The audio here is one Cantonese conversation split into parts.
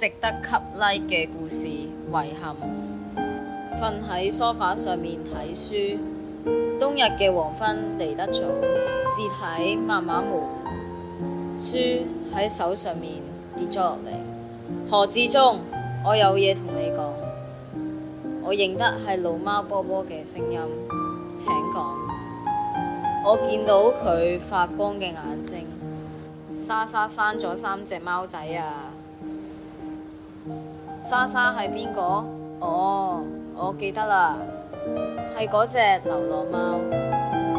值得吸 Like 嘅故事，遺憾。瞓喺梳化上面睇書，冬日嘅黃昏嚟得早，字體慢慢無。書喺手上面跌咗落嚟。何志忠,我有嘢同你講。我認得係老貓波波嘅聲音，請講。我見到佢發光嘅眼睛。沙沙生咗三隻貓仔啊！莎莎係邊個？哦，我記得啦，係嗰隻流浪貓。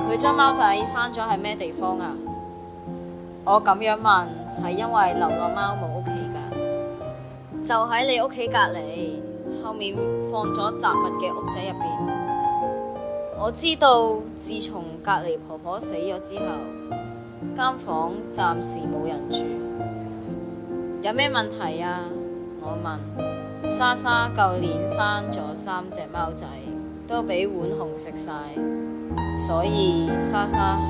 佢將貓仔生咗喺咩地方啊？我咁樣問係因為流浪貓冇屋企噶，就喺你屋企隔籬後面放咗雜物嘅屋仔入邊。我知道自從隔籬婆婆死咗之後，間房暫時冇人住。有咩問題啊？我問莎莎，舊年生咗三隻貓仔，都俾浣熊食晒，所以莎莎好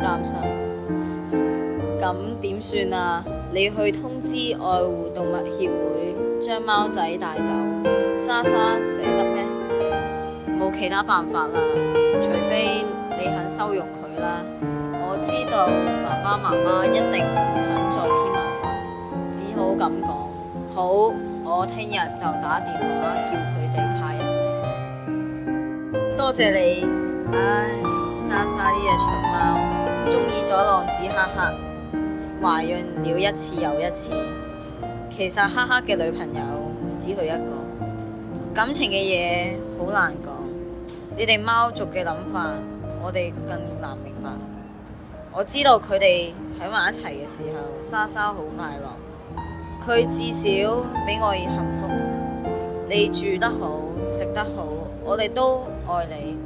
擔心。咁點算啊？你去通知愛護動物協會，將貓仔帶走。莎莎捨得咩？冇其他辦法啦，除非你肯收容佢啦。我知道爸爸媽媽一定唔肯再添麻煩，只好咁講。好，我聽日就打電話叫佢哋派人嚟。多謝你。唉，莎莎呢隻長貓中意咗浪子哈哈，懷孕了一次又一次。其實哈哈嘅女朋友唔止佢一個。感情嘅嘢，好難講，你哋貓族嘅諗法，我哋更難明白。我知道佢哋喺埋一齊嘅時候，莎莎好快樂。佢至少比我要幸福，你住得好，食得好，我哋都愛你。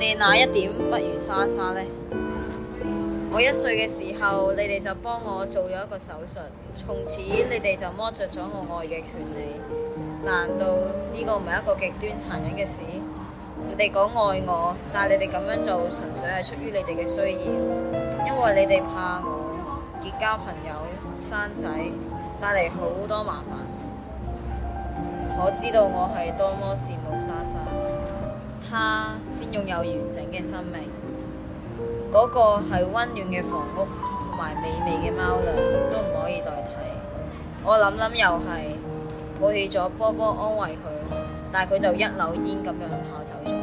你哪一點不如莎莎呢？我一歲嘅時候，你哋就幫我做咗一個手術，從此你哋就剝奪咗我愛嘅權利。難道呢個唔係一個極端殘忍嘅事？你哋講愛我，但係你哋咁樣做純粹係出於你哋嘅需要，因為你哋怕我結交朋友、生仔。帶嚟好多麻煩。我知道我係多麼羨慕莎莎，她先擁有完整嘅生命，嗰個係溫暖嘅房屋同埋美味嘅貓糧都唔可以代替。我諗諗又係，抱起咗波波安慰佢，但係佢就一溜煙咁樣跑走咗。